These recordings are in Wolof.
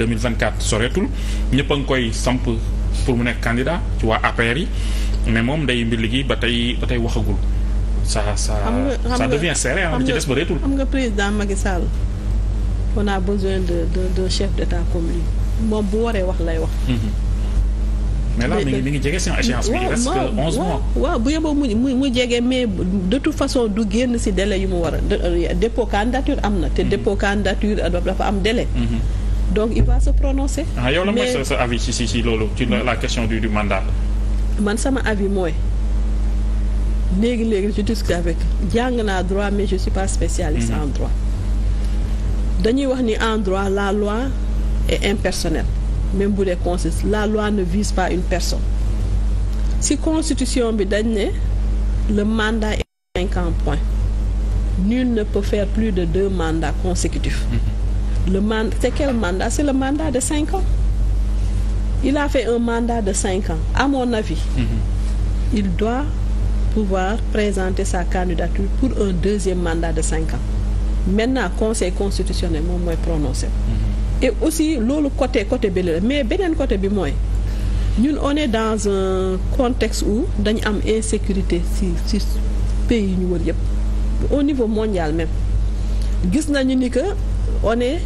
2024 soreetul ñëpp a ngi koy samp pour mu nekk candidat ci waa APR yi ne moom day mbir liggéey ba tey ba tey waxagul ça ça ça devient serré ah ci des ba reetul xam nga président Macky Sall on a besoin de de de chef d'état comme lui moom bu waree wax lay wax mm-hmm. mais là mi ngi mi ngi jege seen échéance bi reste que onze mois waaw bu yeboo mu mu mu jege mais de toute façon du génn si délai yu mu war a euh, dépôt candidature am na te mm-hmm. dépôt candidature euh, dafa am délai mm-hmm. donc il va se prononcer. ah yow la mooy sa sa avis ci ci loolu la question du du mandat. man sama avis mooy léegi léegi je discute avec jàng naa droit mais je suis pas mhm. en droit dañuy wax ni en droit la loi est impersonnelle même bu dee consiste la loi ne vise pas une personne si constitution bi dañ ne le mandat est cinq point nul ne peut faire plus de deux mandats consécutifs. Mhm. le mandat c'est quel mandat c'est le mandat de cinq ans il a fait un mandat de cinq ans à mon avis mm-hmm. il doit pouvoir présenter sa candidature pour un deuxième mandat de cinq ans maintenant conseil constitutionnel moom mooy prononcé mm -hmm. aussi loolu côté côté bi la mais beneen côté bi mooy ñun on est dans un contexte où dañu am insécurité si ci pays yi ñu wër yëpp au niveau mondial même gis nañu ni que on est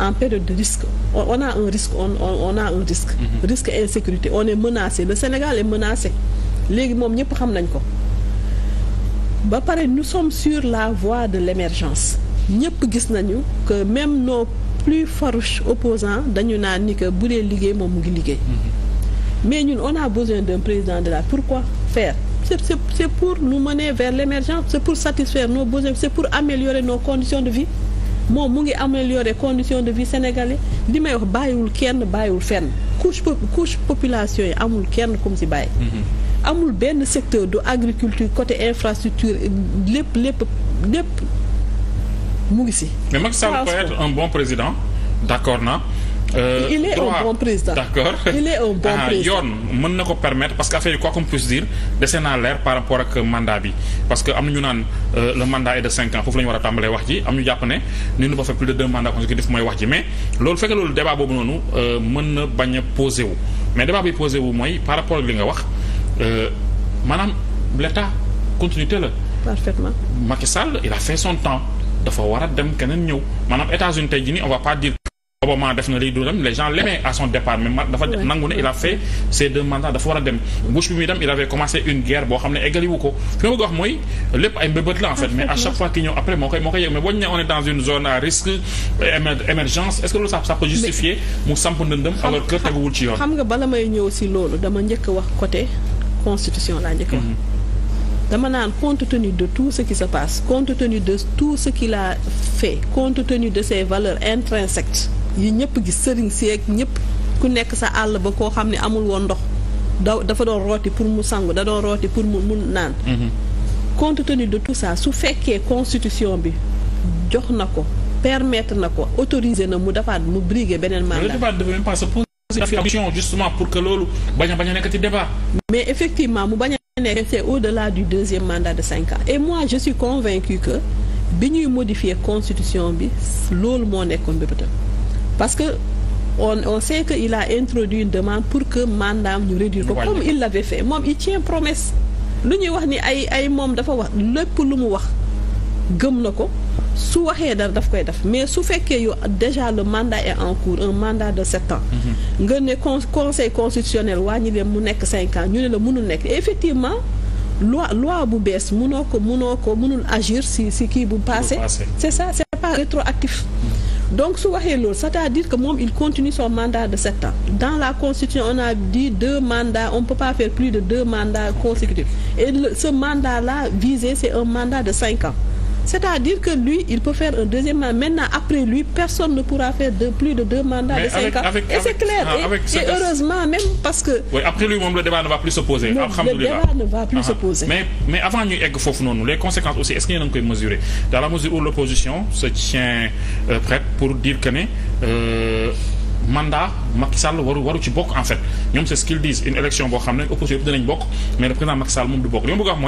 en période de risque on a un risque on on a un risque. Mhm. risque insécurité on est menacé le Sénégal est menacé léegi moom ñëpp xam nañ ko ba pare nous sommes sur la voie de l'émergence ñëpp gis nañu que même nos plus farouches opposants dañu naan ni que bu dee liggéey moom mu ngi liggéey. Mhm. mais ñun on a besoin d'un président de la pourquoi faire. c'est c'est pour nous mener vers l'émergence c'est pour satisfaire nos besoins c'est pour améliorer nos conditions de vie. moom mu ngi améliorer condition de vie sénégalais li may wax bàyyiwul kenn bàyyiwul fenn couche couche population yi amul kenn comme si bàyyi. Mm-hmm. amul benn secteur du agriculture côté infrastructure lépp lépp lépp mu ngi si. mag Macky Sall être un bon président d'accord na. Euh, il est droit. un ah, d'accord yoon mën na ko permettre parce que affaire yi quoi qu'on puisse dire dese naa leer par rapport ak mandat bi parce que am na ñu naan euh, le mandat est de cinq ans foofu la war a tàmbalee wax ji am ñu jàpp ne ni nu ba fait plus loolu fekkee boobu noonu euh, mën na bañ a posé mais débat bi posé mooy par rapport ak li nga wax euh, maanaam l'état continuité la. parfaitement Macky Sall il a fait son dafa war a dem keneen ñëw maanaam États-Unis tey jii nii on va pas dire. Obama def na liy dundam les gens l'aimaient à son départ mais dafa nangu ne il fait ces deux mandats dafa war dem Bush bi muy dem il avait commencé une guerre boo xam ne eggaliwu ko fi ma bëgg wax mooy lépp ay mbébét la en fait mais à chaque fois ki ñëw après moo koy moo koy yëg mais boo ñu ne on est dans une zone à risque émergence est-ce que loolu ça ça peut justifier mu mhm. dama naan compte tenu de tout ce qui se passe compte tenu de tout ce qu'il a fait compte tenu de ses valeurs intrinsèques yi ñëpp gis sëriñ seeg ñëpp ku nekk sa àll ba koo xam ne amul woon ndox daw dafa doon rooti pour mu sangu da doon rooti pour mu mun naan mhm. compte tenu de tout ça su fekkee constitution bi jox na ko permettre na ko autoriser na mu defaat mu briguer beneen mandat justement pour que loolu bañ a bañ a nekk ci mais effectivement mu bañ a nekk c'est au-delà du deuxième mandat de cinq ans et moi je suis convaincu que bi ñuy modifier constitution bi loolu moo nekkoon bébétam parce que on on sait que il a introduit une demande pour que mandaam ñu réduire ko comme il l'avait fait moom it tient promesse lu ñuy wax ni ay ay moom dafa wax lépp lu mu wax gëm na ko su waxee dara daf koy def mais su fekkee yow déjà le mandat est en cours un mandat de sept ans mhm. nga ne conseil constitutionnel wàññi leen mu nekk cinq ans ñu ne la mënul nekk effectivement loi loi bu bees mënoo ko mënoo ko mënul agir si si kii bu passé c'est ça c'est pas rétroactif mhm. donc su waxee loolu c'est-à-dire que moom il continue son mandat de sept ans dans la constitution on a dit deux mandats on ne peut pas faire plus de deux mandats consécutifs et le, ce mandat là visé c'est un mandat de cinq ans C'est-à-dire que lui, il peut faire un deuxième mandat. Maintenant, après lui, personne ne pourra faire plus de deux mandats et c'est clair. Ah, et, ce et heureusement, même parce que... Oui, après lui, même le débat ne va plus se poser. Non, le débat ne va plus ah, se poser. Mais, mais avant, nous, nous, les conséquences aussi, est-ce qu'il y en a mesurer Dans la mesure où l'opposition se tient euh, prête pour dire que... Euh, mandat Macky Sall waru waru ci bokk en fait ñoom c'est ce qu'ils disent election boo xam ne opposition yëpp dinañ bokk mais le président Macky Sall moom du bokk li ma bëgg a xam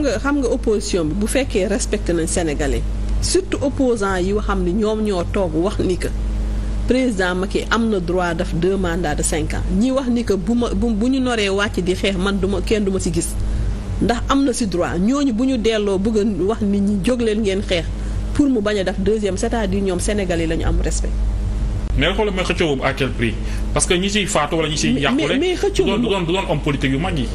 ne baaxul xam bu fekkee respecté nañ Sénégalais surtout opposant yi xam ne ñoom ñoo toog wax ni que président Macky am na droit def deux mandats de cinq ans ñi wax ni que bu ma bu ñu noree wàcc di xeex man du ma kenn du ma si gis ndax am na si droit ñooñu bu ñu delloo bëgg wax nit ñi jóg leen ngeen xeex pour mu bañ a def deuxième cest ñoom sénégalais la ñu am respect. mais xoolal mooy xëccoo boobu à prix parce que ñi ciy faatu wala ñi ciy yàqule mais xëccoo du doon du doon yu mag yi.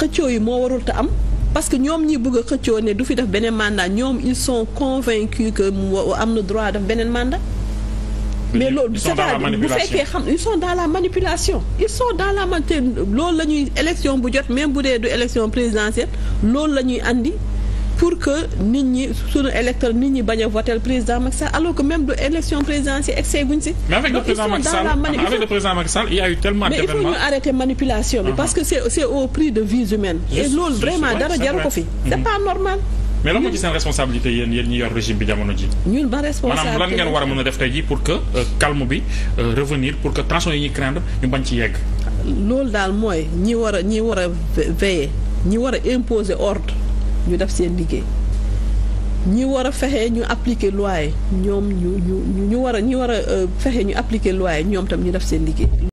xëccoo yi moo warul te am. parce que ñoom ñi bëgg a xëccoo ne du fi def beneen mandat ñoom ils sont convaincus que am na droit def beneen mandat. mais loolu c'est-à-dire bu fekkee xam ils sont dans la manipulation ils sont dans la manipulation loolu la ñuy élection bu jot même bu dee du élection loolu la ñuy andi. pour que nit ñi suñu électeur nit ñi bañ a voter président Macky Sall alors que même de élection présidentielle excès guñ si. mais avec le président Macky Sall avec le a eu tellement d'événements mais il faut ñu arrêter manipulation bi. Uh-huh. parce que c'est c'est au prix de vies humaines. et loolu vraiment dara ko fi. c'est uh-huh. pas normal. mais lan moo ci seen responsabilité yéen yéen ñi régime bi jamono ji. ñun ban responsabilité maanaam lan ngeen war a mën a def tey jii pour que euh, calme bi euh, revenir pour yi ñu bañ ci yegg. loolu daal mooy ñi war a ñi war a veiller ñi war a imposer ordre. ñu def seen liggéey ñi war a fexe ñu appliquer loi ñoom ñu ñu ñu war a ñi war a euh, fexe ñu appliquer loi ñoom tam ñu def seen liggéey